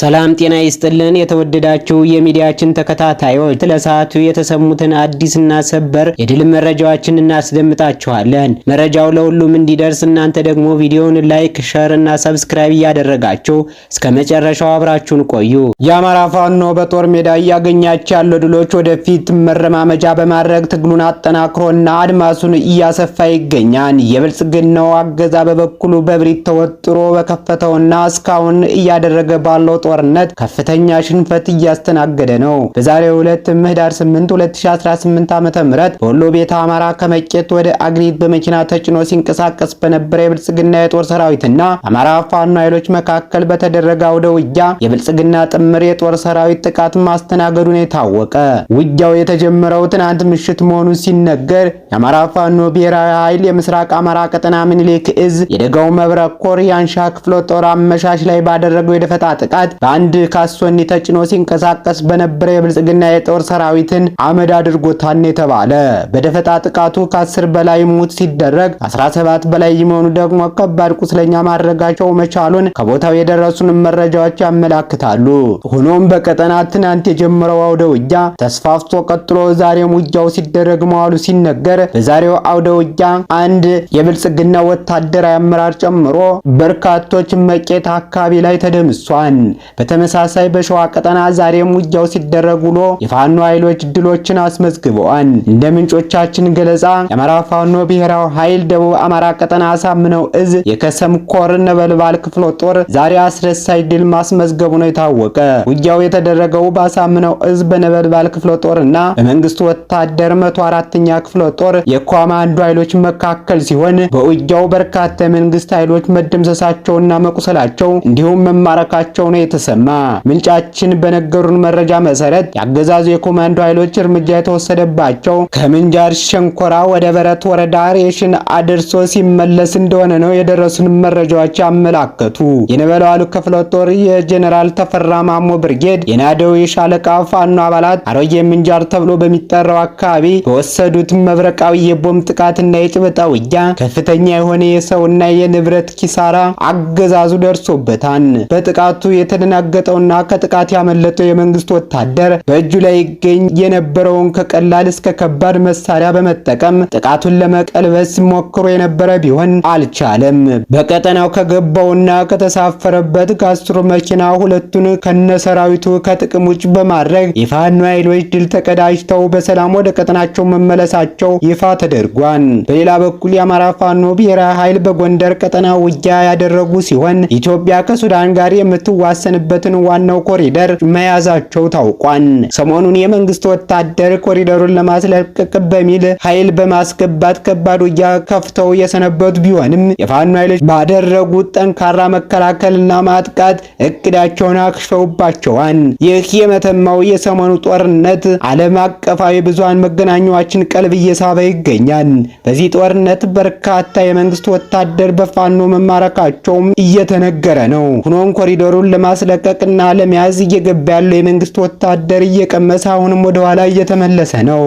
ሰላም ጤና ይስጥልን። የተወደዳችሁ የሚዲያችን ተከታታዮች ለሰዓቱ የተሰሙትን አዲስና ሰበር የድል መረጃዎችን እናስደምጣችኋለን። መረጃው ለሁሉም እንዲደርስ እናንተ ደግሞ ቪዲዮውን ላይክ፣ ሸር እና ሰብስክራይብ እያደረጋችሁ እስከ መጨረሻው አብራችሁን ቆዩ። የአማራ ፋኖ በጦር ሜዳ እያገኛች ያለው ድሎች ወደፊት መረማመጃ በማድረግ ትግሉን አጠናክሮና አድማሱን እያሰፋ ይገኛል። የብልጽግናው አገዛ በበኩሉ በብሪት ተወጥሮ በከፈተውና እስካሁን እያደረገ ባለው ጦርነት ከፍተኛ ሽንፈት እያስተናገደ ነው። በዛሬው ዕለት ምህዳር 8 2018 ዓ.ም በወሎ ቤተ አማራ ከመቄት ወደ አግሪት በመኪና ተጭኖ ሲንቀሳቀስ በነበረ የብልጽግና የጦር ሰራዊትና አማራ ፋኖ ኃይሎች መካከል በተደረገ አውደ ውጊያ የብልጽግና ጥምር የጦር ሰራዊት ጥቃት ማስተናገዱን የታወቀ። ውጊያው የተጀመረው ትናንት ምሽት መሆኑ ሲነገር የአማራ ፋኖ ብሔራዊ ኃይል የምስራቅ አማራ ቀጠና ምኒልክ እዝ የደጋው መብረቅ ኮር የአንሻ ክፍለ ጦር አመሻሽ ላይ ባደረገው የደፈጣ ጥቃት በአንድ ካሶኒ ተጭኖ ሲንቀሳቀስ በነበረ የብልጽግና የጦር ሰራዊትን አመድ አድርጎታን የተባለ በደፈጣ ጥቃቱ ከ10 በላይ ሙት ሲደረግ 17 በላይ የሚሆኑ ደግሞ ከባድ ቁስለኛ ማድረጋቸው መቻሉን ከቦታው የደረሱን መረጃዎች ያመላክታሉ። ሆኖም በቀጠና ትናንት የጀመረው አውደ ውጊያ ተስፋፍቶ ቀጥሎ ዛሬም ውጊያው ሲደረግ መዋሉ ሲነገር በዛሬው አውደ ውጊያ አንድ የብልጽግና ወታደራዊ አመራር ጨምሮ በርካቶች መቄት አካባቢ ላይ ተደምሷል። በተመሳሳይ በሸዋ ቀጠና ዛሬም ውጊያው ሲደረግ ውሎ የፋኖ ኃይሎች ድሎችን አስመዝግበዋል። እንደ ምንጮቻችን ገለጻ የአማራ ፋኖ ብሔራዊ ኃይል ደቡብ አማራ ቀጠና አሳምነው እዝ የከሰም ኮር ነበልባል ክፍለ ጦር ዛሬ አስረሳይ ድል ማስመዝገቡ ነው የታወቀ። ውጊያው የተደረገው በአሳምነው እዝ በነበልባል ክፍለ ጦር እና በመንግስቱ ወታደር መቶ አራተኛ ክፍለ ጦር የኮማንዶ ኃይሎች መካከል ሲሆን በውጊያው በርካታ የመንግስት ኃይሎች መደምሰሳቸውና መቁሰላቸው እንዲሁም መማረካቸው ነው ተሰማ። ምንጫችን በነገሩን መረጃ መሰረት የአገዛዙ የኮማንዶ ኃይሎች እርምጃ የተወሰደባቸው ከምንጃር ሸንኮራ ወደ በረት ወረዳ ሬሽን አድርሶ ሲመለስ እንደሆነ ነው የደረሱን መረጃዎች ያመላከቱ። የነበለዋሉ ክፍለ ጦር የጀኔራል ተፈራ ማሞ ብርጌድ የናደው የሻለቃ ፋኖ አባላት አሮጌ ምንጃር ተብሎ በሚጠራው አካባቢ በወሰዱት መብረቃዊ የቦምብ ጥቃትና የጭበጣ ውጊያ ከፍተኛ የሆነ የሰውና የንብረት ኪሳራ አገዛዙ ደርሶበታል። በጥቃቱ የተደ ያፈናገጠውና ከጥቃት ያመለጠው የመንግስት ወታደር በእጁ ላይ ይገኝ የነበረውን ከቀላል እስከ ከባድ መሳሪያ በመጠቀም ጥቃቱን ለመቀልበስ ሞክሮ የነበረ ቢሆን አልቻለም። በቀጠናው ከገባውና ከተሳፈረበት ካስትሮ መኪና ሁለቱን ከነሰራዊቱ ከጥቅም ውጭ በማድረግ የፋኖ ኃይሎች ድል ተቀዳጅተው በሰላም ወደ ቀጠናቸው መመለሳቸው ይፋ ተደርጓል። በሌላ በኩል የአማራ ፋኖ ብሔራዊ ኃይል በጎንደር ቀጠና ውጊያ ያደረጉ ሲሆን ኢትዮጵያ ከሱዳን ጋር የምትዋሰን የሚሻልበትን ዋናው ኮሪደር መያዛቸው ታውቋል። ሰሞኑን የመንግስት ወታደር ኮሪደሩን ለማስለቀቅ በሚል ኃይል በማስገባት ከባድ ውጊያ ከፍተው የሰነበቱ ቢሆንም የፋኖ ኃይሎች ባደረጉት ጠንካራ መከላከልና ማጥቃት እቅዳቸውን አክሽፈውባቸዋል። ይህ የመተማው የሰሞኑ ጦርነት ዓለም አቀፋዊ ብዙሃን መገናኛዎችን ቀልብ እየሳበ ይገኛል። በዚህ ጦርነት በርካታ የመንግስት ወታደር በፋኖ መማረካቸውም እየተነገረ ነው። ሆኖም ኮሪደሩን ለማስ ለማስለቀቅና ለመያዝ እየገባ ያለው የመንግስት ወታደር እየቀመሰ አሁንም ወደ ኋላ እየተመለሰ ነው።